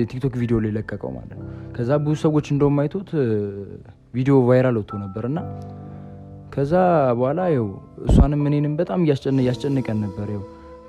የቲክቶክ ቪዲዮ ላይ ለቀቀው ማለት ነው። ከዛ ብዙ ሰዎች እንደውም አይቶት ቪዲዮ ቫይራል ወጥቶ ነበር እና ከዛ በኋላ ው እሷንም እኔንም በጣም እያስጨነቀን ነበር ው።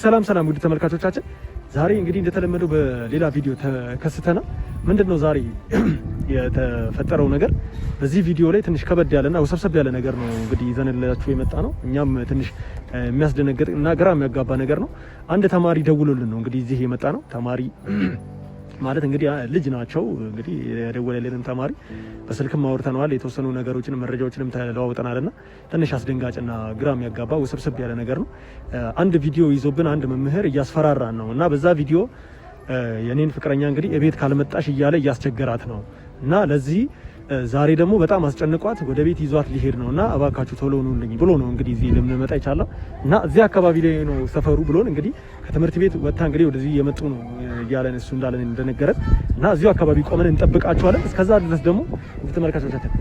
እንግዲህ ሰላም ሰላም ውድ ተመልካቾቻችን፣ ዛሬ እንግዲህ እንደተለመደው በሌላ ቪዲዮ ተከስተናል። ምንድን ነው ዛሬ የተፈጠረው ነገር? በዚህ ቪዲዮ ላይ ትንሽ ከበድ ያለና ውሰብሰብ ያለ ነገር ነው እንግዲህ ይዘንላችሁ የመጣ ነው። እኛም ትንሽ የሚያስደነግጥ እና ግራ የሚያጋባ ነገር ነው። አንድ ተማሪ ደውሎልን ነው እንግዲህ እዚህ የመጣ ነው ተማሪ ማለት እንግዲህ ልጅ ናቸው። እንግዲህ የደወለልንም ተማሪ በስልክም አውርተነዋል። የተወሰኑ ነገሮችንም መረጃዎችንም ተለዋውጠናል እና ትንሽ አስደንጋጭና ግራ የሚያጋባ ውስብስብ ያለ ነገር ነው። አንድ ቪዲዮ ይዞብን አንድ መምህር እያስፈራራን ነው እና በዛ ቪዲዮ የኔን ፍቅረኛ እንግዲህ እቤት ካልመጣሽ እያለ እያስቸገራት ነው እና ለዚህ ዛሬ ደግሞ በጣም አስጨንቋት ወደ ቤት ይዟት ሊሄድ ነው እና እባካችሁ ቶሎ ኑልኝ ብሎ ነው እንግዲህ እዚህ ልንመጣ ይቻለ እና እዚህ አካባቢ ላይ ነው ሰፈሩ ብሎን እንግዲህ ከትምህርት ቤት ወጥታ እንግዲህ ወደዚህ የመጡ ነው እያለን እሱ እንዳለን እንደነገረን እና እዚሁ አካባቢ ቆመን እንጠብቃቸዋለን። እስከዛ ድረስ ደግሞ ተመልካቾቻችን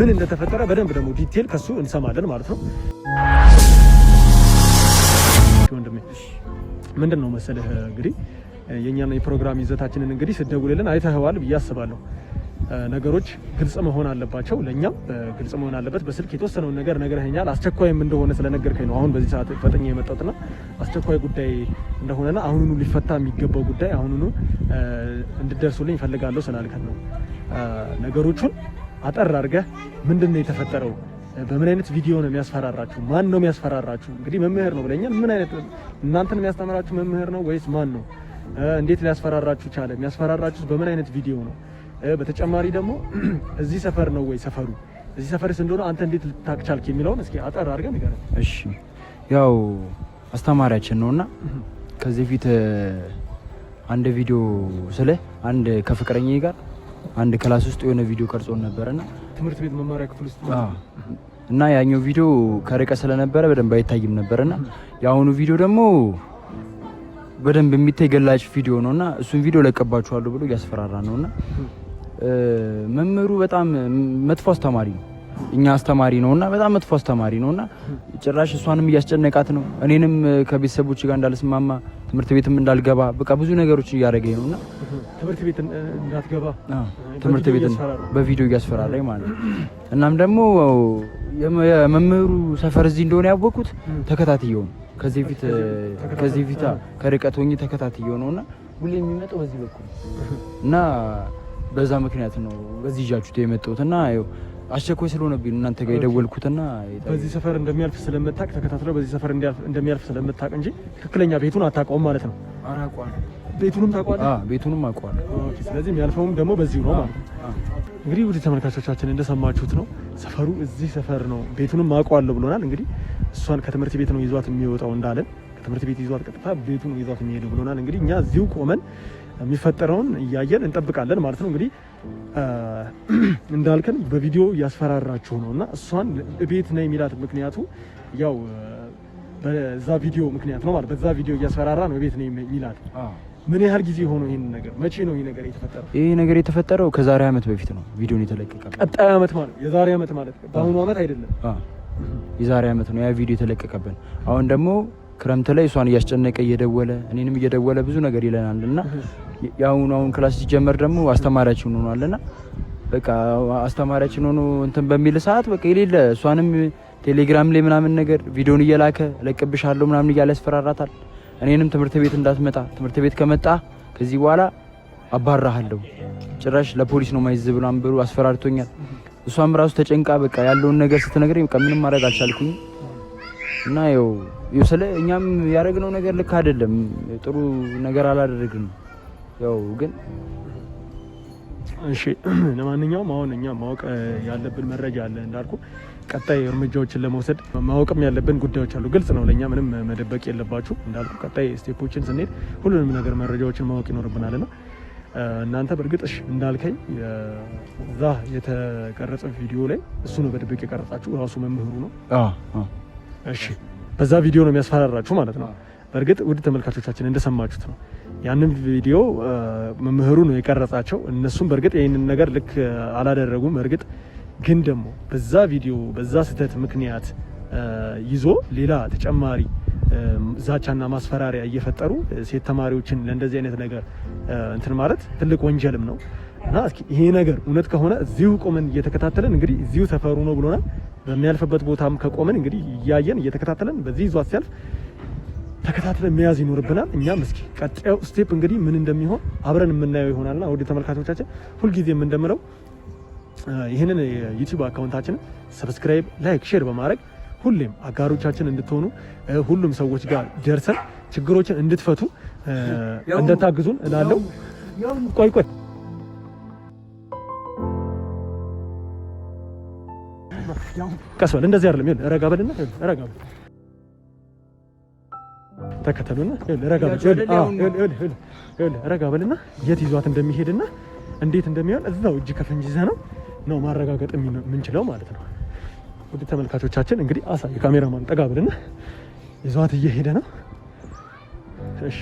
ምን እንደተፈጠረ በደንብ ደግሞ ዲቴል ከሱ እንሰማለን ማለት ነው። ወንድሜ ምንድን ነው መሰለህ እንግዲህ የእኛና የፕሮግራም ይዘታችንን እንግዲህ ስደውልልን አይተኸዋል ብዬ አስባለሁ። ነገሮች ግልጽ መሆን አለባቸው። ለእኛም ግልጽ መሆን አለበት። በስልክ የተወሰነውን ነገር ነግረኸኛል። አስቸኳይም እንደሆነ ስለነገርከኝ ነው አሁን በዚህ ሰዓት ፈጠኛ የመጣሁትና አስቸኳይ ጉዳይ እንደሆነና አሁኑኑ ሊፈታ የሚገባው ጉዳይ አሁኑኑ እንድደርሱልኝ ይፈልጋለሁ ስላልከን ነው። ነገሮቹን አጠር አድርገህ ምንድን ነው የተፈጠረው? በምን አይነት ቪዲዮ ነው የሚያስፈራራችሁ? ማን ነው የሚያስፈራራችሁ? እንግዲህ መምህር ነው ብለኛል። ምን አይነት እናንተን የሚያስተምራችሁ መምህር ነው ወይስ ማን ነው? እንዴት ሊያስፈራራችሁ ቻለ? የሚያስፈራራችሁ በምን አይነት ቪዲዮ ነው? በተጨማሪ ደግሞ እዚህ ሰፈር ነው ወይ ሰፈሩ እዚህ ሰፈርስ እንደሆነ አንተ እንዴት ልታቅ ቻልክ የሚለውን እስኪ አጠር አድርገን ንገረን። እሺ ያው አስተማሪያችን ነውና ከዚህ ፊት አንድ ቪዲዮ ስለ አንድ ከፍቅረኛ ጋር አንድ ክላስ ውስጥ የሆነ ቪዲዮ ቀርጾን ነበረና ትምህርት ቤት መማሪያ ክፍል ውስጥ እና ያኛው ቪዲዮ ከርቀ ስለነበረ በደንብ አይታይም ነበርና የአሁኑ ቪዲዮ ደግሞ በደንብ የሚታይ ገላጭ ቪዲዮ ነውና እሱን ቪዲዮ ለቀባችኋለሁ ብሎ እያስፈራራ ነውና መምህሩ በጣም መጥፎ አስተማሪ ነው። እኛ አስተማሪ ነውና በጣም መጥፎ አስተማሪ ነውና ጭራሽ እሷንም እያስጨነቃት ነው። እኔንም ከቤተሰቦች ጋር እንዳልስማማ ትምህርት ቤትም እንዳልገባ በቃ ብዙ ነገሮች እያደረገኝ ነውና ትምህርት ቤት እንዳትገባ ትምህርት ቤት በቪዲዮ እያስፈራራኝ ማለት ነው። እናም ደግሞ የመምህሩ ሰፈር እዚህ እንደሆነ ያወቅኩት ተከታትየው ነው። ከዚህ ፊት ከዚህ ፊት ከርቀት ሆኜ ተከታትየው ነውና ሁሌ የሚመጣው በዚህ በኩል እና በዛ ምክንያት ነው በዚህ ይዣችሁት የመጣሁት እና ያው አስቸኳይ ስለሆነብኝ እናንተ ጋር የደወልኩትና በዚህ ሰፈር እንደሚያልፍ ስለምታውቅ ተከታትለው በዚህ ሰፈር እንደሚያልፍ ስለምታውቅ እንጂ ትክክለኛ ቤቱን አታውቀውም ማለት ነው። አራቋለሁ። ቤቱንም ታውቀዋለህ? ቤቱንም አውቀዋለሁ። ኦኬ። ስለዚህ የሚያልፈውም ደግሞ በዚሁ ነው ማለት ነው። እንግዲህ ውድ ተመልካቾቻችን እንደሰማችሁት ነው፣ ሰፈሩ እዚህ ሰፈር ነው፣ ቤቱንም አውቀዋለሁ ብሎናል። እንግዲህ እሷን ከትምህርት ቤት ነው ይዟት የሚወጣው እንዳለን፣ ከትምህርት ቤት ይዟት ቀጥታ ቤቱን ይዟት የሚሄደው ብሎናል። እንግዲህ እኛ እዚሁ ቆመን የሚፈጠረውን እያየን እንጠብቃለን ማለት ነው። እንግዲህ እንዳልከን በቪዲዮ እያስፈራራችሁ ነው እና እሷን ቤት ነው የሚላት ምክንያቱ ያው በዛ ቪዲዮ ምክንያት ነው ማለት በዛ ቪዲዮ እያስፈራራ ነው ቤት ነው የሚላት። ምን ያህል ጊዜ ሆኖ ይህን ነገር መቼ ነው ይህ ነገር የተፈጠረው? ይህ ነገር የተፈጠረው ከዛሬ ዓመት በፊት ነው ቪዲዮን የተለቀቀ። ቀጣይ ዓመት ማለት የዛሬ ዓመት ማለት በአሁኑ ዓመት አይደለም፣ የዛሬ ዓመት ነው ያ ቪዲዮ የተለቀቀብን። አሁን ደግሞ ክረምት ላይ እሷን እያስጨነቀ እየደወለ እኔንም እየደወለ ብዙ ነገር ይለናል እና የአሁኑ አሁን ክላስ ሲጀመር ደግሞ አስተማሪያችን ሆኗል እና በቃ አስተማሪያችን ሆኖ እንትን በሚል ሰዓት በቃ የሌለ እሷንም ቴሌግራም ላይ ምናምን ነገር ቪዲዮን እየላከ ለቅብሻለሁ ምናምን እያለ ያስፈራራታል። እኔንም ትምህርት ቤት እንዳትመጣ ትምህርት ቤት ከመጣ ከዚህ በኋላ አባራሃለሁ ጭራሽ ለፖሊስ ነው ማይዝ ብሎ አንብሩ አስፈራርቶኛል። እሷም ራሱ ተጨንቃ በቃ ያለውን ነገር ስትነግረኝ በቃ ምንም ማድረግ አልቻልኩኝ። እና ያው ስለ እኛም ያደረግነው ነገር ልክ አይደለም፣ ጥሩ ነገር አላደረግንም። ያው ግን እሺ፣ ለማንኛውም አሁን እኛ ማወቅ ያለብን መረጃ አለ እንዳልኩ ቀጣይ እርምጃዎችን ለመውሰድ ማወቅም ያለብን ጉዳዮች አሉ። ግልጽ ነው ለእኛ ምንም መደበቅ የለባችሁ እንዳልኩ ቀጣይ ስቴፖችን ስንሄድ ሁሉንም ነገር መረጃዎችን ማወቅ ይኖርብናል ና እናንተ በእርግጥሽ እንዳልከኝ እዛ የተቀረጸ ቪዲዮ ላይ እሱ ነው በድብቅ የቀረጻችሁ ራሱ መምህሩ ነው እሺ፣ በዛ ቪዲዮ ነው የሚያስፈራራችሁ ማለት ነው። በእርግጥ ውድ ተመልካቾቻችን እንደሰማችሁት ነው። ያንን ቪዲዮ መምህሩ ነው የቀረጻቸው። እነሱም በእርግጥ ይህንን ነገር ልክ አላደረጉም። እርግጥ ግን ደግሞ በዛ ቪዲዮ በዛ ስህተት ምክንያት ይዞ ሌላ ተጨማሪ ዛቻና ማስፈራሪያ እየፈጠሩ ሴት ተማሪዎችን ለእንደዚህ አይነት ነገር እንትን ማለት ትልቅ ወንጀልም ነው እና እስኪ ይሄ ነገር እውነት ከሆነ እዚሁ ቆመን እየተከታተለን እንግዲህ እዚሁ ሰፈሩ ነው ብሎናል። በሚያልፍበት ቦታም ከቆመን እንግዲህ እያየን እየተከታተለን በዚህ ይዟት ሲያልፍ ተከታትለን መያዝ ይኖርብናል። እኛም እስኪ ቀጣዩ ስቴፕ እንግዲህ ምን እንደሚሆን አብረን የምናየው ይሆናልና ወደ ተመልካቾቻችን ሁልጊዜም እንደምለው ይህንን ዩቲዩብ አካውንታችንን ሰብስክራይብ፣ ላይክ፣ ሼር በማድረግ ሁሌም አጋሮቻችን እንድትሆኑ ሁሉም ሰዎች ጋር ደርሰን ችግሮችን እንድትፈቱ እንደታግዙን እላለሁ። ቆይ ቆይ ቀስ በል። እንደዚህ አይደለም። ይኸውልህ ረጋ በልና ይኸውልህ ረጋ በል። ተከተሉና ይኸውልህ ረጋ በል። ይኸውልህ ረጋ በልና የት ይዟት እንደሚሄድና እንዴት እንደሚሆን እዛው እጅ ከፍንጅ ይዘህ ነው ነው ማረጋገጥ የምንችለው ማለት ነው። ውድ ተመልካቾቻችን እንግዲህ አሳይ ካሜራማን ጠጋ ብልና ይዟት እየሄደ ነው። እሺ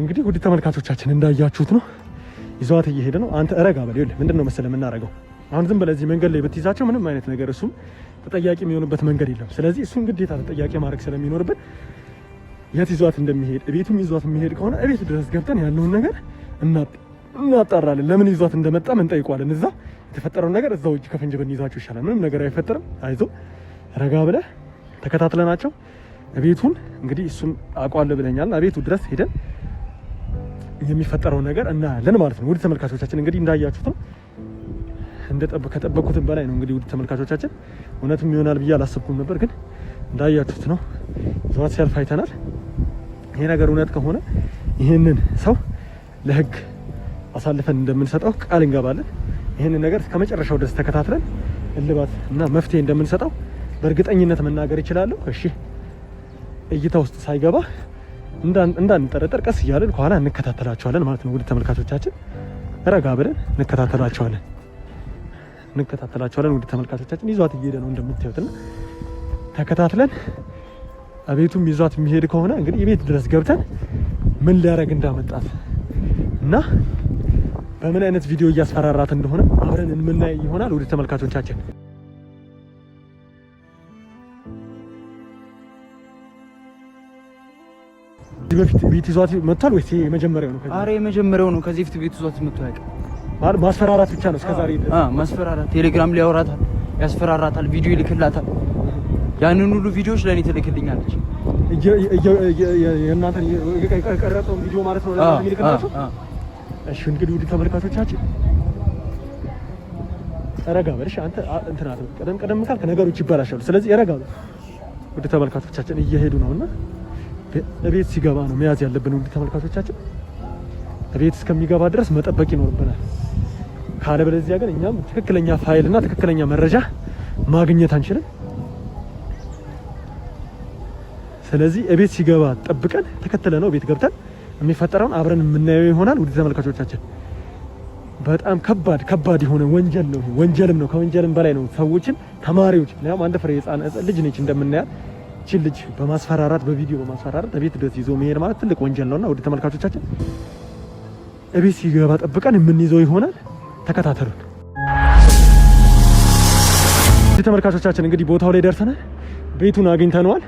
እንግዲህ ውድ ተመልካቾቻችን እንዳያችሁት ነው፣ ይዟት እየሄደ ነው። አንተ ረጋ በል። ይኸውልህ ምንድን ነው መሰለህ የምናደርገው አሁን ዝም በለዚህ መንገድ ላይ ብትይዛቸው ምንም አይነት ነገር እሱም ተጠያቂ የሚሆንበት መንገድ የለም። ስለዚህ እሱን ግዴታ ተጠያቂ ማድረግ ስለሚኖርበት የት ይዟት እንደሚሄድ እቤቱም ይዟት የሚሄድ ከሆነ እቤት ድረስ ገብተን ያለውን ነገር እናጣራለን። ለምን ይዟት እንደመጣ እንጠይቋለን። እዛ የተፈጠረውን ነገር እዛው እጅ ከፈንጅ ብንይዛቸው ይሻላል። ምንም ነገር አይፈጠርም። አይዞ ረጋ ብለህ ተከታትለናቸው ቤቱን እንግዲህ እሱም አቋል ብለኛል። ቤቱ ድረስ ሄደን የሚፈጠረውን ነገር እናያለን ማለት ነው። ውድ ተመልካቾቻችን እንግዲህ እንዳያችሁት ነው ከጠበቅኩትም በላይ ነው። እንግዲህ ውድ ተመልካቾቻችን እውነትም ይሆናል ብዬ አላሰብኩም ነበር፣ ግን እንዳያችሁት ነው። ዘዋት ሲያልፍ አይተናል። ይሄ ነገር እውነት ከሆነ ይህንን ሰው ለህግ አሳልፈን እንደምንሰጠው ቃል እንገባለን። ይህንን ነገር ከመጨረሻው ድረስ ተከታትለን እልባት እና መፍትሄ እንደምንሰጠው በእርግጠኝነት መናገር ይችላለሁ። እሺ እይታ ውስጥ ሳይገባ እንዳንጠረጠር ቀስ እያለን ከኋላ እንከታተላቸዋለን ማለት ነው። ውድ ተመልካቾቻችን ረጋ ብለን እንከታተላቸዋለን። እንከታተላቸዋለን። እንግዲህ ተመልካቾቻችን ይዟት እየሄደ ነው እንደምታዩትና ተከታትለን ቤቱም ይዟት የሚሄድ ከሆነ እንግዲህ የቤት ድረስ ገብተን ምን ሊያደርግ እንዳመጣት እና በምን አይነት ቪዲዮ እያስፈራራት እንደሆነ አብረን የምናይ ይሆናል። ወደ ተመልካቾቻችን በፊት ቤት ይዟት መጥቷል ወይስ የመጀመሪያው ነው? ኧረ የመጀመሪያው ነው። ከዚህ በፊት ቤት ይዟት መጥቷል ያውቃል። ማስፈራራት ብቻ ነው እስከዛሬ ማስፈራራት። ቴሌግራም ላይ ያስፈራራታል፣ ቪዲዮ ይልክላታል። ያንን ሁሉ ቪዲዮዎች ለእኔ ትልክልኛለች። የእናንተን የቀረጸውን ቪዲዮ ማለት ነው የሚልክላቸው። እሺ እንግዲህ ውድ ተመልካቾቻችን ረጋ በል እሺ። አንተ እንትን አለ ቀደም ቀደም ካልክ ነገሮች ይበላሻሉ። ስለዚህ ረጋ በል። ውድ ተመልካቾቻችን እየሄዱ ነውና እቤት ሲገባ ነው መያዝ ያለብን። ውድ ተመልካቾቻችን እቤት እስከሚገባ ድረስ መጠበቅ ይኖርብናል። ካለበለዚያ ግን እኛም ትክክለኛ ፋይል እና ትክክለኛ መረጃ ማግኘት አንችልም። ስለዚህ እቤት ሲገባ ጠብቀን ተከተለ ነው ቤት ገብተን የሚፈጠረውን አብረን የምናየው ይሆናል። ውድ ተመልካቾቻችን በጣም ከባድ ከባድ የሆነ ወንጀል ነው፣ ወንጀልም ነው፣ ከወንጀልም በላይ ነው። ሰዎችን ተማሪዎች፣ ምክንያቱም አንድ ፍሬ ህፃን ልጅ ነች እንደምናያት ይቺን ልጅ በማስፈራራት በቪዲዮ በማስፈራራት ቤት ድረስ ይዞ መሄድ ማለት ትልቅ ወንጀል ነውና ውድ ተመልካቾቻችን እቤት ሲገባ ጠብቀን የምንይዘው ይሆናል። ተከታተሉን። ተመልካቾቻችን እንግዲህ ቦታው ላይ ደርሰናል። ቤቱን አግኝተነዋል።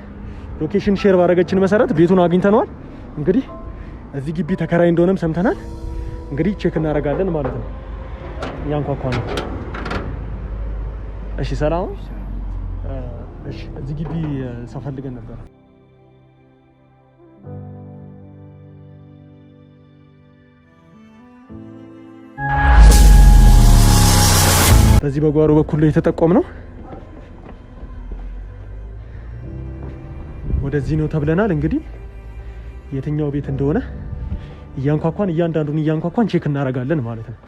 ሎኬሽን ሼር ባደረገችን መሰረት ቤቱን አግኝተነዋል። እንግዲህ እዚህ ግቢ ተከራይ እንደሆነም ሰምተናል። እንግዲህ ቼክ እናደርጋለን ማለት ነው። እያንኳኳ ነው። እሺ፣ ሰላም። እሺ፣ እዚህ ግቢ ሰው ፈልገን ነበር። በዚህ በጓሮ በኩል ላይ የተጠቆም ነው። ወደዚህ ነው ተብለናል። እንግዲህ የትኛው ቤት እንደሆነ እያንኳኳን እያንዳንዱን እያንኳኳን ቼክ እናረጋለን ማለት ነው።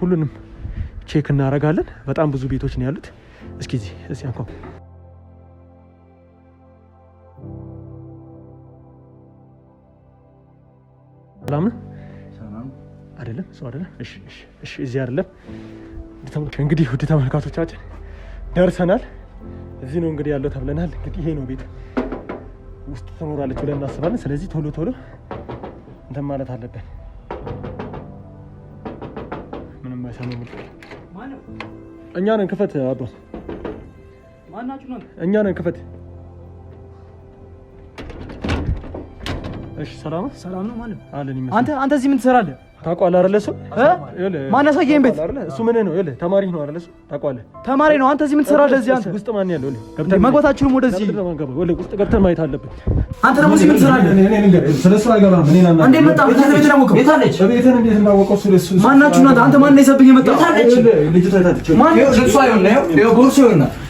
ሁሉንም ቼክ እናረጋለን። በጣም ብዙ ቤቶች ነው ያሉት። እስኪ ዚ ሰላም ነው አይደለም? ሰው አይደለም። እሺ፣ እሺ፣ እሺ። እዚህ አይደለም እንግዲህ ውድ ተመልካቾቻችን ደርሰናል። እዚህ ነው እንግዲህ ያለው ተብለናል። እንግዲህ ይሄ ነው ቤት ውስጥ ትኖራለች ብለን እናስባለን። ስለዚህ ቶሎ ቶሎ እንትን ማለት አለብን። ምንም አይሰማ እኛ ነን ክፈት፣ አባ እኛ ነን ክፈት። እሺ ሰላም ነው። ሰላም ነው። ማለት አንተ አንተ እዚህ ምን ትሰራለህ? ታውቀዋለህ አይደለ? እሱ ማን ያሳየኝ ቤት እሱ ምን ነው? ይኸውልህ ተማሪ ነው አይደለ? እሱ ታውቀዋለህ። ተማሪ ነው። አንተ እዚህ ምን ትሰራለህ? እዚህ አንተ ውስጥ ማን ያለው? ይኸውልህ መግባታችሁንም ወደዚህ ውስጥ ገብተን ማየት አለብን። አንተ ደግሞ እዚህ ምን ትሰራለህ? ስለ እሱ አይገባም። እንዴት መጣ? ቤት ቤት የት አለች? ቤትህን እንዴት እንዳወቀው? ስለ እሱ ማናችሁ? አንተ ማን ነው ይዘብኝ የመጣው? ልጅቷ የት አለች? ማን ነው? እሱ አይሆን ነው ቦርሶ ይሆናል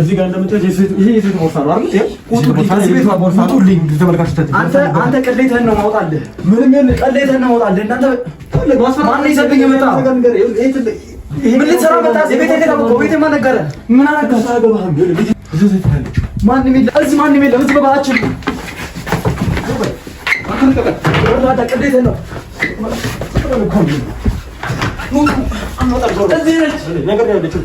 እዚህ ጋር እንደምታዩት ይሄ የሴት ቦርሳ ነው አይደል? ይሄ ነው። አንተ ቅሌትህን ነው ማውጣልህ። ምንም ይሁን ቅሌትህን ነው ማውጣልህ። እናንተ ማነው ይዘብኝ ምን ልትሰራ መጣ? ምን የለም እዚህ፣ እዚህ ነው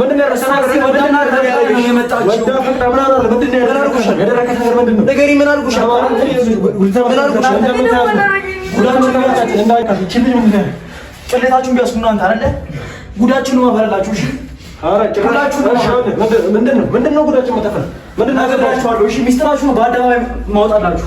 ምንድን ነው ጉዳችን? መተፈል ምንድን ነው እሺ ሚስጥራችሁ በአደባባይ ማውጣላችሁ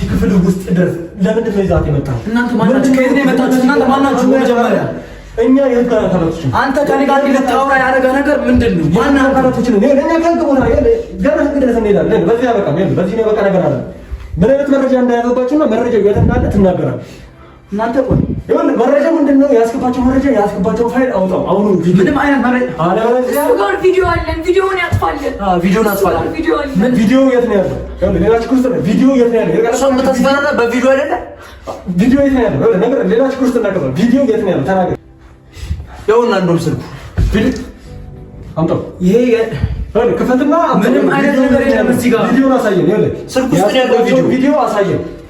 ክፍል ውስጥ ድረስ ለምንድን ነው ይዛት የመጣው? እናንተ ማናችሁ? ከየት ነው የመጣችሁት? እናንተ ማናችሁ? መጀመሪያ እኛ የህግ አካላቶች አንተ ከኔ ጋር ልታወራ ያደረገ ነገር ምንድን ነው? ማን አካላቶች ነው? እኛ ከህግ ቦታ ገና ህግ ድረስ እንሄዳለን። በዚህ ያበቃ በዚህ ነው ያበቃ ነገር አለ። ምን አይነት መረጃ እንዳያዘባችሁና መረጃ የት እንዳለ ትናገራለህ እናንተ ቆይ መረጃ ምንድን ነው ያስገባቸው? መረጃ ያስገባቸው ፋይል አውጣው። አሁን ምንም አይነት መረጃ ቪዲዮ አለን። ቪዲዮውን ያጥፋለን። ቪዲዮ የት ነው ያለው? ሌላ ችግር ውስጥ ነው። ቪዲዮ የት ነው ያለው? በቪዲዮ አይደለ? ቪዲዮ የት ነው ያለው? ቪዲዮ የት ነው ያለው? ተናገር። እንደውም ስልኩ ቪዲዮ አምጣው። ይሄ ክፈትና ምንም አይነት ነገር የለም። እዚህ ጋር አሳየን። ስልኩ ውስጥ ያለው ቪዲዮ አሳየን።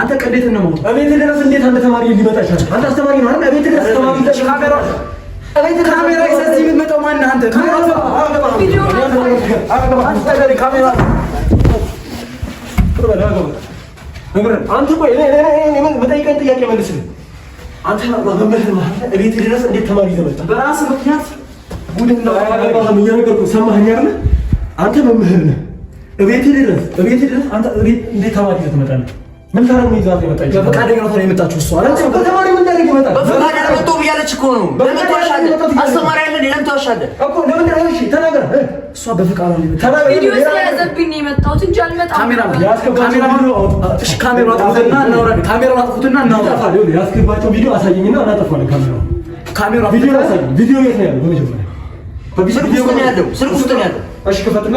አንተ እንዴት ነው ሞት እቤት ድረስ እንዴት አንተ ተማሪ ሊመጣ ይችላል? አንተ አስተማሪ ነው አይደል? እቤት ድረስ ተማሪ ካሜራ እቤት ካሜራ ይዘህ የሚመጣው ማነህ አንተ? አንተ ቆይ መጠይቀኝ ጥያቄ መልስልኝ። አንተ መምህር እቤት ድረስ እንዴት ተማሪ ይዘህ መጣህ? በራስህ ምክንያት ጉድ እንዳያገባህም እየነገርኩህ ሰማኸኝ አይደል? አንተ መምህር ነህ። እቤት ድረስ እቤት ድረስ አንተ እንዴት ተማሪ ይዘህ ትመጣለህ? ምን ታረም ይዛት ይመጣች? በፈቃደኛ ነው የመጣችው። እሷ አላችሁ። በተማሪ ምን ታረግ ይመጣል። በፈቃድ አመጣሁ ብያለች እኮ ነው። ለምን ተዋሻለ? አስተማሪ አለ። ለምን ተዋሻለ እኮ ለምን ነው? ተናገር። እሷ በፈቃድ ነው የመጣችው። ቪዲዮ ስለያዘብኝ የመጣሁት እንጂ አልመጣም። ካሜራ ካሜራ ነው። እሺ ካሜራ እናውራ። እናውራ። ቪዲዮ አሳየኝና ቪዲዮ አሳየኝ። ቪዲዮ ነው ያለው? በቪዲዮ ነው ያለው። ስልክ ውስጥ ነው ያለው። እሺ ክፈትና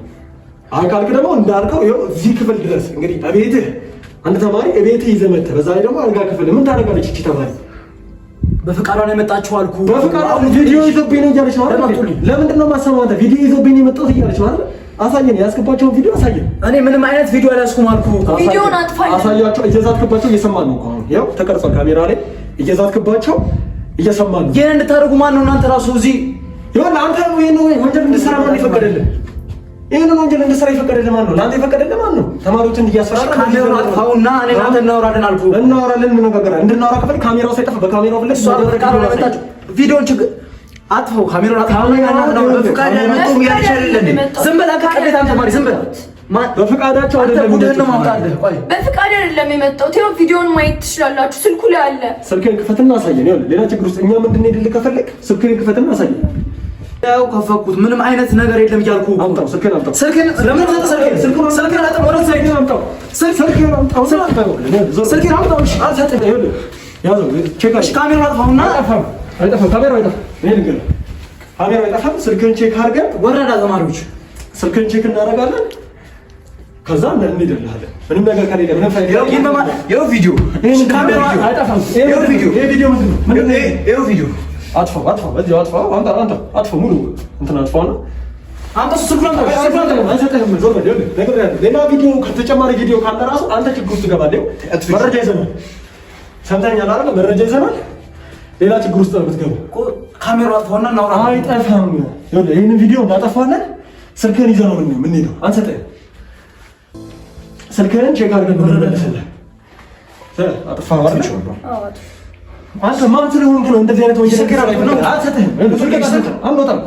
አካልክ ደግሞ እንዳልከው ይኸው እዚህ ክፍል ድረስ እንግዲህ እቤትህ አንድ ተማሪ እቤትህ ይዘህ መተህ በዛ ላይ ደግሞ አልጋ ክፍል ምን ታደርጋለች እቺ ተማሪ? በፍቃዷ ነው የመጣችሁ አልኩ። በፍቃዷ ቪዲዮ ይዘብኝ ነው እያለች ነው አይደል? ለምንድን ነው የማሰማው? ቪዲዮ ይዘብኝ ነው የመጣሁት እያለች ነው አይደል? አሳየን፣ ያስገባቸውን ቪዲዮ አሳየን። እኔ ምንም አይነት ቪዲዮ አላስኩም አልኩ። ቪዲዮን አጥፋኝ። አሳያቸው። እየዛትክባቸው እየሰማን ነው እኮ አሁን። ይኸው ተቀርጿል ካሜራ ላይ እየዛትክባቸው እየሰማን ነው። ይሄን እንድታደርጉ ማን ነው እናንተ ራሱ እዚህ ይሁን አንተ ነው ይሄን ወንጀል እንድትሰራ ማን ይፈቀደልህ? ይሄንን ወንጀል እንድሰራ የፈቀደ ለማን ነው? ለአንተ የፈቀደ ለማን ነው? ተማሪዎችን እያስፈራራ አጥፋውና እኔ አንተ እናወራለን አልኩ። እናወራለን ምን ነገር እንድናወራ ከፈል ካሜራው ሳይጠፋ በካሜራው ፍለሽ ቪዲዮን ችግር አጥፋው። ካሜራው ዝም ተማሪ ዝም በፍቃዳቸው አይደለም። ነው ቆይ በፍቃድ አይደለም ቪዲዮን ማየት ትችላላችሁ። ስልኩ ላይ አለ። ስልክህን ክፈትና አሳየን። ሌላ ችግር ውስጥ እኛ ምንድን ነው የድል ከፈለግ ስልክህን ክፈትና አሳየን ያው ከፈኩት ምንም አይነት ነገር የለም እያልኩ አምጣው፣ ስልክህን አምጣው፣ ቼክ አድርገን፣ ወረዳ ተማሪዎች፣ ስልክህን ቼክ እናደርጋለን። ከዛ ምንም ምንም ነገር ከሌለ ምንም ቪዲዮ፣ ቪዲዮ፣ ቪዲዮ አጥፋው አጥፋው እዚህ አጥፋው አንተ አንተ አጥፋው ሙሉ እንትን አጥፋው ነው። አንተ ሌላ ቪዲዮ ከተጨማሪ ቪዲዮ ካለ ራሱ አንተ ችግር ውስጥ ገባለህ። መረጃ ይዘናል፣ ሰምተኛል አይደል? መረጃ ይዘናል። ሌላ ችግር ውስጥ ነው የምትገባው። ካሜራው አጥፋውና እናውራ። አይጠፋም። ይኸውልህ ይሄንን ቪዲዮ እንዳጠፋለን ስልክህን ይዘህ ነው የምንሄደው። አንሰጥህም። ስልክህን ቼክ አድርገን ነው የምንመለስልህ። አጥፋው አይደል? አንተ ማን ስለሆንክ ነው እንደዚህ አይነት ወንጀል ነገር አለ ነው? አንሰተህ አንወጣም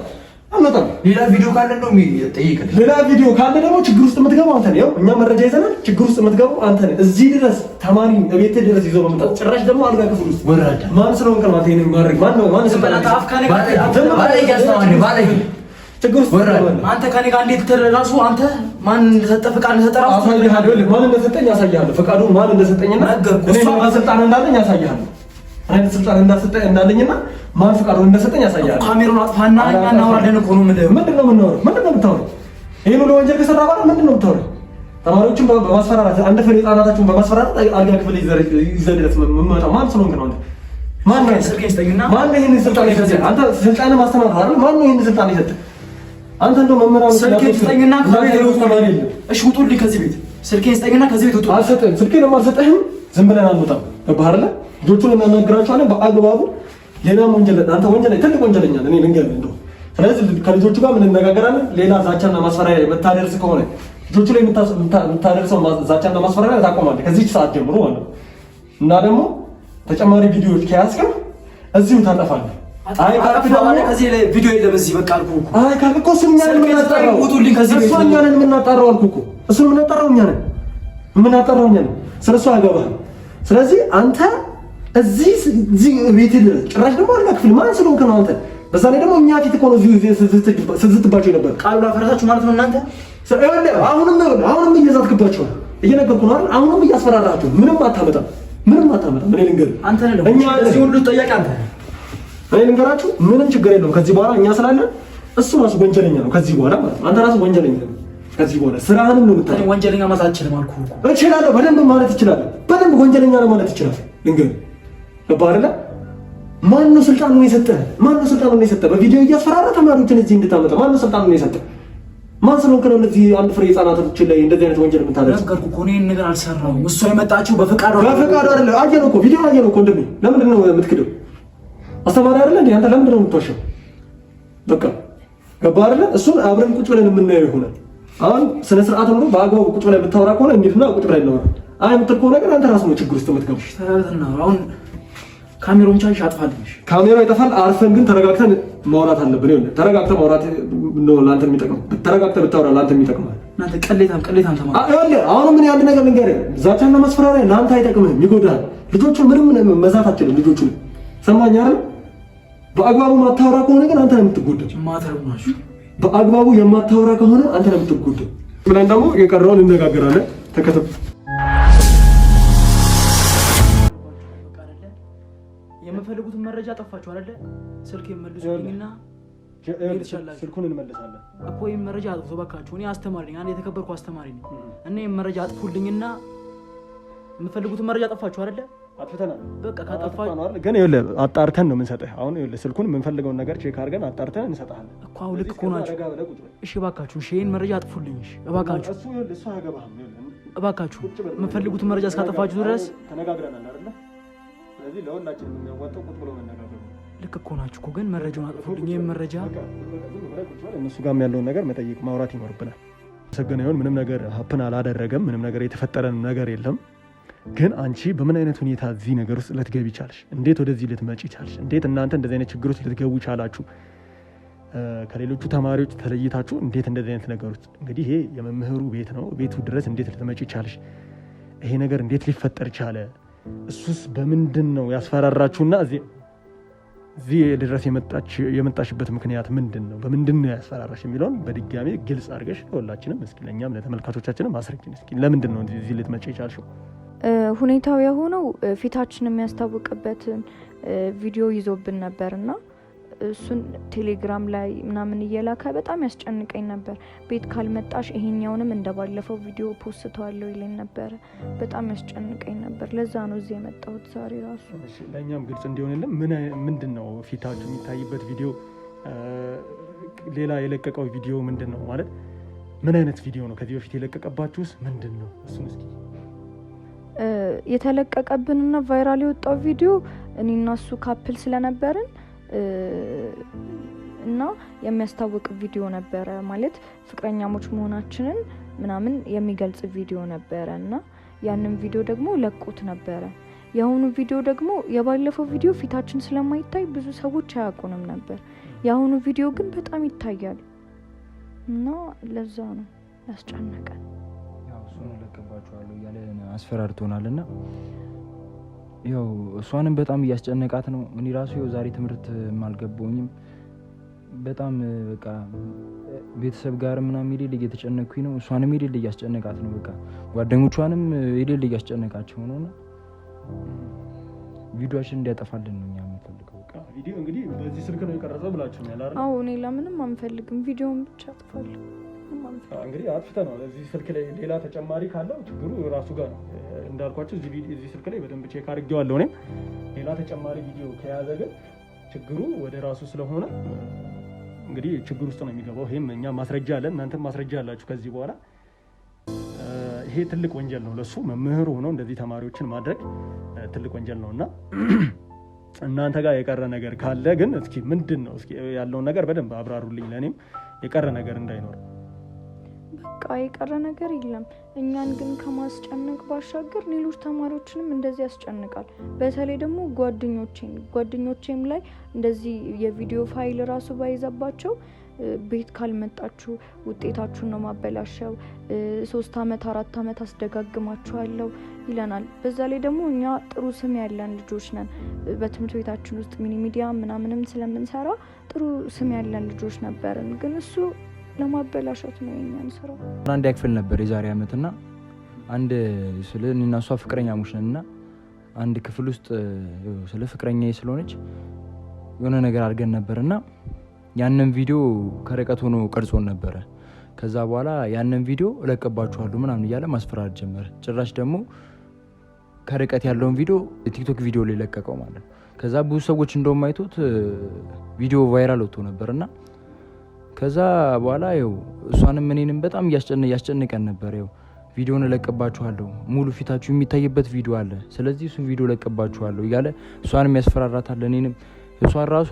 አንወጣም። ሌላ ቪዲዮ ካለ ነው የሚጠይቅህ። ሌላ ቪዲዮ ካለ ደግሞ ችግር ውስጥ የምትገባው አንተ ነህ። እኛ መረጃ ይዘናል። ችግር ውስጥ የምትገባው አንተ ነህ። እዚህ ድረስ ተማሪ ቤት ድረስ ይዞ በመምጣት ጭራሽ ደግሞ አልጋ ክፍል ውስጥ ወራዳ። ማን ስለሆንክ ነው አንተ ይሄን ማድረግ? ማን ነው ማን ስለሆንክ ችግር ውስጥ አንተ ከኔ ጋር እንዴት ራሱ አንተ ማን እንደሰጠ ፈቃድ እንደሰጠ ራሱ ማን እንደሰጠኝ ያሳያል። ፈቃዱን ማን እንደሰጠኝና እኔ ማን ስልጣን እንዳለኝ ያሳያለሁ። አይነት ስልጣን እንዳሰጠ እንዳለኝና ማን ፍቃዱ እንደሰጠኝ ያሳያል። ካሜራውን አጥፋና እኛ እናወራለን እኮ ነው የምልህ። ምንድን ነው የምናወራው? ምንድን ነው የምታወራው? ይሄን ሁሉ ወንጀል ከሰራ በኋላ ምንድን ነው የምታወራው? ተማሪዎቹን በማስፈራራት አንድ ፍሬ ህጻናታችሁን በማስፈራራት አልጋ ክፍል ይዘልለት መመጣ ማን ስለሆንክ ነው? ማን ነው ይህን ስልጣን የሰጠህ? አንተ ስልጣን ማስተማር አይደል? ማን ነው ይሄን ስልጣን የሰጠህ? አንተ እንደው መምህራን ስልኬን ስጠኝና ከዚህ ቤት ተማሪ የለም። እሺ ውጡልኝ ከዚህ ቤት። ስልኬን ስጠኝና ከዚህ ቤት ውጡ። አልሰጠህም። ስልኬን አልሰጠህም። ዝም ብለን አንወጣም። ገባህ ልጆቹን እናናግራቸዋለን በአግባቡ። ሌላም ወንጀል አንተ ወንጀል ትልቅ ወንጀለኛ እኔ ልንገርህ እንደው። ስለዚህ ከልጆቹ ጋር ምን እንነጋገራለን። ሌላ ዛቻና ማስፈራሪያ የምታደርስ ከሆነ ልጆቹ ላይ የምታደርሰው ዛቻና ማስፈራሪያ ታቆማለህ ከዚህ ሰዓት ጀምሮ ማለት ነው። እና ደግሞ ተጨማሪ ቪዲዮዎች ከያዝክም እዚሁ ታጠፋለህ። አይ ካልክ ደግሞ ከዚህ ላይ ቪዲዮ የለም እዚህ በቃ እኮ። አይ ካልክ እኮ እሱን እኛ ነን እሱን እኛ ነን እኮ። እሱን እኛ ነን እኛ ነን። ስለዚህ አንተ እዚህ ቤት ጭራሽ ደግሞ አላ ክፍል ማን ስለሆንክ ነው አንተ? በዛ ላይ ደግሞ እኛ ፊት እኮ ነው ስትዝትባቸው የነበር ቃሉ ላፈረሳችሁ ማለት ነው እናንተ። አሁንም አሁንም እየዛትክባቸው እየነገርኩ ነው አሁንም እያስፈራራችሁ ምንም አታመጣም፣ ምንም አታመጣም። እኔ ልንገር አንተ እኛ እዚህ ሁሉ ጠያቂ አንተ እኔ ልንገራችሁ ምንም ችግር የለውም ከዚህ በኋላ እኛ ስላለን እሱ ራሱ ወንጀለኛ ነው ከዚህ በኋላ ማለት ነው። አንተ ራሱ ወንጀለኛ ነው ከዚህ በኋላ ነው ወንጀለኛ ማለት አልችልም አልኩህ እኮ። እችላለሁ፣ በደንብ ማለት እችላለሁ፣ በደንብ ወንጀለኛ ነው ማለት እችላለሁ። ልንገርህ ገባህ አይደለ? ማን ነው ነው የሰጠ? ማን ነው ነው የሰጠ? በቪዲዮ እያስፈራራ ተማሪዎችን እዚህ እንድታመጣ ማን ነው ነው የሰጠ? ማን ስለሆንክ ነው እነዚህ አንድ ፍሬ ህጻናቶች ላይ እንደዚህ አይነት ወንጀል የምታደርግ? ነገርኩህ እኮ እኔን ነገር አልሰራሁም። እሷ የመጣችው በፈቃዱ በፈቃዱ አይደለም። አየነው እኮ ቪዲዮ አየነው እኮ እንደምን ለምንድን ነው የምትክደው? አስተማሪ አይደለ እንዴ አንተ? ለምንድን ነው የምትዋሸው? በቃ ገባህ አይደለ? እሱን አብረን ቁጭ ብለን የምናየው ይሆናል። አሁን ስነ ስርዓት ነው። በአግባቡ ቁጭ ብለን የምታወራ ከሆነ እንዴት ነው ቁጭ ብለን ነው አይ የምትል ነገር አንተ ራስህ ነው ችግር ውስጥ የምትገባው። አሁን ካሜራውን ቻርጅ አጥፋልሽ። ካሜራ ይጠፋል። አርፈን ግን ተረጋግተን ማውራት አለብን። ይሁን ተረጋግተህ ማውራት ነው ለአንተ የሚጠቅመው። ተረጋግተህ ብታወራ ለአንተ የሚጠቅመው። እናንተ ቀሌታም ቀሌታም ተማር። አሁን ምን ያንድ ነገር ልንገርህ፣ ዛቻና መስፈራሪያ ለአንተ አይጠቅምህም፣ ይጎዳል። ልጆቹ ምንም መዛት አትችልም። ልጆቹ ሰማኝ አይደል? በአግባቡ ማታወራ ከሆነ ግን አንተ ነው የምትጎዳው። በአግባቡ የማታወራ ከሆነ አንተ ነው የምትጎዳው። ምን ደግሞ የቀረውን እንነጋገራለን። ተከተል መረጃ ጠፋችሁ አይደለ? ስልክ የመልሱልኝና ስልኩን እንመልሳለን እኮ። ይህም መረጃ አጥፍቶ እባካችሁ። እኔ አስተማሪ ነኝ፣ አንድ የተከበርኩ አስተማሪ ነኝ እና ይህም መረጃ አጥፉልኝና የምፈልጉትን መረጃ ጠፋችሁ አይደለ? አጥፍተናል። በቃ ግን ይኸውልህ አጣርተን ነው የምንሰጥህ። አሁን ይኸውልህ ስልኩን የምንፈልገውን ነገር ቼክ አድርገን አጣርተን እንሰጥሃለን እኮ። አሁን ልክ እኮ ናችሁ። እሺ እባካችሁ፣ እሺ ይህን መረጃ አጥፉልኝ እባካችሁ፣ እባካችሁ የምፈልጉትን መረጃ እስካጠፋችሁ ድረስ ተነጋግረናል አይደለ? ስለዚህ ለሁላችን የሚያዋጣው ቁጭ ብሎ መነጋገር ልክ እኮ ናችሁ እኮ ግን መረጃውን አጥፉልኝ። ይህም መረጃ እነሱ ጋም ያለውን ነገር መጠየቅ ማውራት ይኖርብናል። ሰገነ ይሁን ምንም ነገር ሀፕን አላደረገም። ምንም ነገር የተፈጠረ ነገር የለም። ግን አንቺ በምን አይነት ሁኔታ እዚህ ነገር ውስጥ ልትገቢ ቻልሽ? እንዴት ወደዚህ ልትመጪ ቻልሽ? እንዴት እናንተ እንደዚህ አይነት ችግሮች ልትገቡ ቻላችሁ? ከሌሎቹ ተማሪዎች ተለይታችሁ እንዴት እንደዚህ አይነት ነገር ውስጥ እንግዲህ ይሄ የመምህሩ ቤት ነው። ቤቱ ድረስ እንዴት ልትመጪ ቻልሽ? ይሄ ነገር እንዴት ሊፈጠር ቻለ? እሱስ በምንድን ነው ያስፈራራችሁና እዚህ ድረስ የመጣሽበት ምክንያት ምንድን ነው? በምንድን ነው ያስፈራራሽ የሚለውን በድጋሚ ግልጽ አድርገሽ ለሁላችንም እስኪ ለእኛም ለተመልካቾቻችንም አስረጅን እስኪ። ለምንድን ነው እዚህ ልትመጪ የቻልሽው? ሁኔታው የሆነው ፊታችን የሚያስታውቅበትን ቪዲዮ ይዞብን ነበርና እሱን ቴሌግራም ላይ ምናምን እየላከ በጣም ያስጨንቀኝ ነበር። ቤት ካልመጣሽ ይሄኛውንም እንደባለፈው ቪዲዮ ፖስተዋለሁ ይለኝ ነበረ። በጣም ያስጨንቀኝ ነበር። ለዛ ነው እዚህ የመጣሁት ዛሬ ራሱ። ለእኛም ግልጽ እንዲሆንልን ምንድን ነው ፊታችሁ የሚታይበት ቪዲዮ፣ ሌላ የለቀቀው ቪዲዮ ምንድን ነው ማለት ምን አይነት ቪዲዮ ነው? ከዚህ በፊት የለቀቀባችሁስ ምንድን ነው? እሱን እስኪ የተለቀቀብንና ቫይራል የወጣው ቪዲዮ እኔና እሱ ካፕል ስለነበርን እና የሚያስታውቅ ቪዲዮ ነበረ። ማለት ፍቅረኛሞች መሆናችንን ምናምን የሚገልጽ ቪዲዮ ነበረ እና ያንን ቪዲዮ ደግሞ ለቁት ነበረ። የአሁኑ ቪዲዮ ደግሞ የባለፈው ቪዲዮ ፊታችን ስለማይታይ ብዙ ሰዎች አያውቁንም ነበር። የአሁኑ ቪዲዮ ግን በጣም ይታያል እና ለዛ ነው ያስጨነቀን። ያው እሱን እለቅባችኋለሁ እያለ አስፈራርቶናል እና ያው እሷንም በጣም እያስጨነቃት ነው። እኔ ራሱ ያው ዛሬ ትምህርት አልገባኝም። በጣም በቃ ቤተሰብ ጋር ምናምን የሌለ እየተጨነኩኝ ነው። እሷንም የሌለ እያስጨነቃት ነው። በቃ ጓደኞቿንም የሌለ እያስጨነቃቸው ነው። እና ቪዲዮችን እንዲያጠፋልን ነው እኛ የምንፈልገው። ቪዲዮ እንግዲህ በዚህ ስልክ ነው የቀረጸው ብላችሁ ነው ያላ? አዎ እኔ ለምንም አንፈልግም። ቪዲዮን ብቻ አጥፋለሁ። አይደለም ማለት ነው። እንግዲህ አጥፍተነዋል። እዚህ ስልክ ላይ ሌላ ተጨማሪ ካለው ችግሩ ራሱ ጋር ነው እንዳልኳቸው፣ እዚህ ስልክ ላይ በደንብ ቼክ አድርጌዋለሁ እኔም። ሌላ ተጨማሪ ቪዲዮ ከያዘ ግን ችግሩ ወደ ራሱ ስለሆነ እንግዲህ ችግር ውስጥ ነው የሚገባው። ይህም እኛ ማስረጃ አለን፣ እናንተም ማስረጃ አላችሁ። ከዚህ በኋላ ይሄ ትልቅ ወንጀል ነው ለሱ መምህር ሆኖ እንደዚህ ተማሪዎችን ማድረግ ትልቅ ወንጀል ነው እና እናንተ ጋር የቀረ ነገር ካለ ግን እስኪ ምንድን ነው ያለውን ነገር በደንብ አብራሩልኝ። ለእኔም የቀረ ነገር እንዳይኖር የቀረ ነገር የለም። እኛን ግን ከማስጨነቅ ባሻገር ሌሎች ተማሪዎችንም እንደዚህ ያስጨንቃል። በተለይ ደግሞ ጓደኞቼም ጓደኞቼም ላይ እንደዚህ የቪዲዮ ፋይል ራሱ ባይዛባቸው ቤት ካልመጣችሁ ውጤታችሁን ነው ማበላሸው፣ ሶስት አመት አራት አመት አስደጋግማችኋለሁ ይለናል። በዛ ላይ ደግሞ እኛ ጥሩ ስም ያለን ልጆች ነን። በትምህርት ቤታችን ውስጥ ሚኒ ሚዲያ ምናምንም ስለምንሰራ ጥሩ ስም ያለን ልጆች ነበርን። ግን እሱ ለማበላሸት ነው የኛን ስራ። አንድ ያክፍል ነበር የዛሬ ዓመት እና አንድ ስለ እኔና እሷ ፍቅረኛ ሙች ነን እና አንድ ክፍል ውስጥ ስለ ፍቅረኛ ስለሆነች የሆነ ነገር አድርገን ነበር እና ያንን ቪዲዮ ከርቀት ሆኖ ቀርጾን ነበረ። ከዛ በኋላ ያንን ቪዲዮ እለቅባችኋለሁ ምናምን እያለ ማስፈራር ጀመረ። ጭራሽ ደግሞ ከርቀት ያለውን ቪዲዮ ቲክቶክ ቪዲዮ ላይ ለቀቀው ማለት ነው። ከዛ ብዙ ሰዎች እንደውም አይቶት ቪዲዮ ቫይራል ወጥቶ ነበር እና ከዛ በኋላ ይኸው እሷንም እኔንም በጣም እያስጨነቀን ነበር። ይኸው ቪዲዮን እለቅባችኋለሁ፣ ሙሉ ፊታችሁ የሚታይበት ቪዲዮ አለ፣ ስለዚህ እሱ ቪዲዮ እለቅባችኋለሁ እያለ እሷንም ያስፈራራታል እኔንም እሷን ራሷ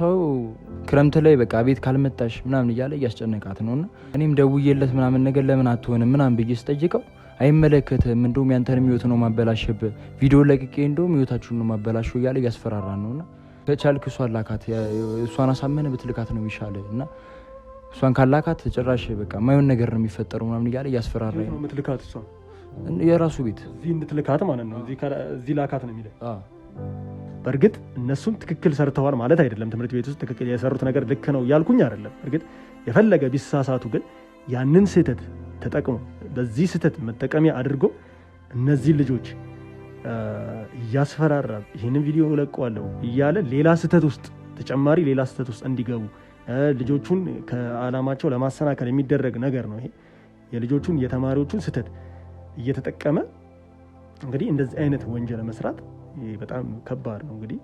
ክረምት ላይ በቃ ቤት ካልመጣሽ ምናምን እያለ እያስጨነቃት ነው። እና እኔም ደውዬለት ምናምን ነገር ለምን አትሆንም ምናምን ብዬ ስጠይቀው አይመለከትም፣ እንደውም ያንተን ህይወት ነው ማበላሸብ፣ ቪዲዮ ለቅቄ እንደውም ህይወታችሁን ነው ማበላሸው እያለ እያስፈራራ ነው። እና ከቻልክ እሷን ላካት፣ እሷን አሳመነ ብትልካት ነው ይሻለ እና እሷን ካላካት ጭራሽ በቃ የማይሆን ነገር ነው የሚፈጠረው ምናምን እያለ እያስፈራራ ምትልካት እሷ የራሱ ቤት እዚህ እንድትልካት ማለት ነው። እዚህ ላካት ነው የሚለው። በእርግጥ እነሱም ትክክል ሰርተዋል ማለት አይደለም። ትምህርት ቤት ውስጥ ትክክል የሰሩት ነገር ልክ ነው እያልኩኝ አይደለም። እርግጥ የፈለገ ቢሳሳቱ፣ ግን ያንን ስህተት ተጠቅሞ በዚህ ስህተት መጠቀሚያ አድርጎ እነዚህ ልጆች እያስፈራራ ይህንን ቪዲዮ እለቀዋለሁ እያለ ሌላ ስህተት ውስጥ ተጨማሪ ሌላ ስህተት ውስጥ እንዲገቡ ልጆቹን ከዓላማቸው ለማሰናከል የሚደረግ ነገር ነው። ይሄ የልጆቹን የተማሪዎቹን ስህተት እየተጠቀመ እንግዲህ እንደዚህ አይነት ወንጀል መስራት በጣም ከባድ ነው። እንግዲህ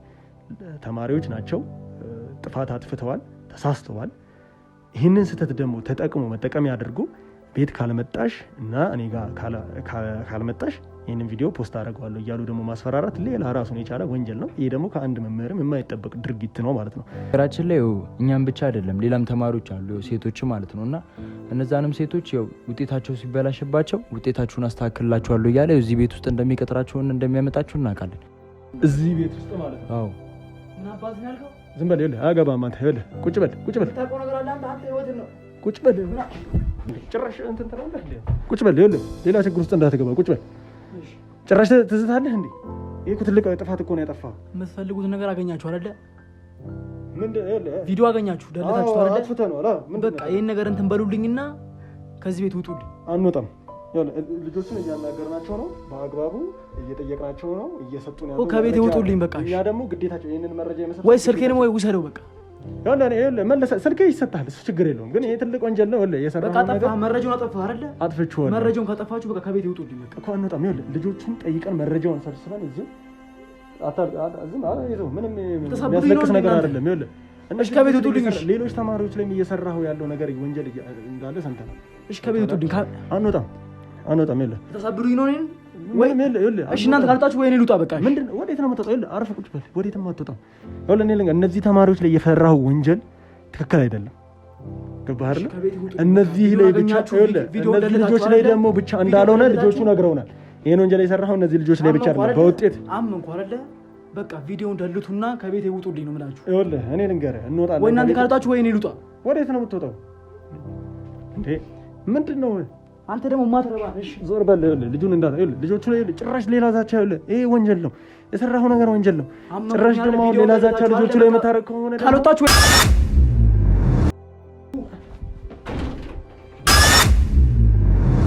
ተማሪዎች ናቸው፣ ጥፋት አጥፍተዋል፣ ተሳስተዋል። ይህንን ስህተት ደግሞ ተጠቅሞ መጠቀሚያ አድርጎ ቤት ካልመጣሽ እና እኔ ጋር ካልመጣሽ ይህንን ቪዲዮ ፖስት አደርገዋለሁ እያሉ ደግሞ ማስፈራራት ሌላ ራሱን የቻለ ወንጀል ነው። ይህ ደግሞ ከአንድ መምህርም የማይጠበቅ ድርጊት ነው ማለት ነው። ሀገራችን ላይ እኛም ብቻ አይደለም ሌላም ተማሪዎች አሉ ሴቶች ማለት ነው እና እነዛንም ሴቶች ውጤታቸው ሲበላሽባቸው ውጤታችሁን አስተካክልላችኋለሁ እያለ እዚህ ቤት ውስጥ እንደሚቀጥራችሁን እንደሚያመጣችሁ እናውቃለን። እዚህ ቤት ውስጥ ማለት ነው። ዝም በል አንተ ቁጭ በል ቁጭ በል ቁጭ በል ጭራሽ እንትን ቁጭ በል ሌላ ችግር ውስጥ እንዳትገባ ቁጭ በል ጭራሽ ትዝታለህ እንዴ? ይሄ እኮ ትልቅ ጥፋት እኮ ነው ያጠፋህ። የምትፈልጉትን ነገር አገኛችሁ አይደለ? ቪዲዮ አገኛችሁ ደለታችሁ አይደለ? በቃ ይህን ነገር እንትን በሉልኝና ከዚህ ቤት ውጡልኝ። አንወጣም። ልጆቹን እያናገርናቸው ነው፣ በአግባቡ እየጠየቅናቸው ነው፣ እየሰጡን ከቤት ውጡልኝ። በቃ እኛ ደግሞ ግዴታቸው ይህንን መረጃ ይመስል ወይ ስልኬንም ወይ ውሰደው በቃ ስልክ ይሰጣል፣ እሱ ችግር የለውም። ግን ይሄ ትልቅ ወንጀል ነው። መረጃውን አጠፋህ መረጃውን ካጠፋችሁ በቃ ከቤት ይውጡ። ልጆቹን ጠይቀን መረጃውን ሰብስበን እዚህ የሚያስለቅስ ነገር አይደለም። እሺ ከቤት ውጡልኝ። ሌሎች ተማሪዎች ላይም እየሰራሁ ያለው ነገር ወንጀል እንዳለ ሰምተናል። እሺ ከቤት ውጡልኝ። አንወጣም፣ አንወጣም። የለም ተሳብሩኝ ነው እሺ እናንተ ካልወጣችሁ ወይ እኔ ነው የምትወጣው? እነዚህ ተማሪዎች ላይ የፈራሁ ወንጀል ትክክል አይደለም። ገባህ አይደል? እነዚህ ላይ ብቻ እነዚህ ልጆች ላይ ደግሞ ብቻ እንዳልሆነ ልጆቹ ነግረውናል። ይሄን ወንጀል የሰራኸው እነዚህ ልጆች ላይ ብቻ አይደለም። በውጤት አመንኩ አይደለ? በቃ ቪዲዮ እንዳሉትና ከቤት ውጡልኝ ነው የምላችሁ። ይኸውልህ እኔ ልንገርህ፣ እንወጣለን ወይ እናንተ ካልወጣችሁ ወይ እኔ ልውጣ። ወዴት ነው የምትወጣው እንዴ? ምንድን ነው አንተ ደግሞ ማትረባ ዞር በል። ልጁን እንዳለ ልጆቹ ላይ ጭራሽ ሌላ ዛቻ። ይሄ ወንጀል ነው የሰራኸው ነገር ወንጀል ነው። ጭራሽ ደግሞ ሌላ ዛቻ ልጆቹ ላይ መታረቅ ከሆነ ካልወጣችሁ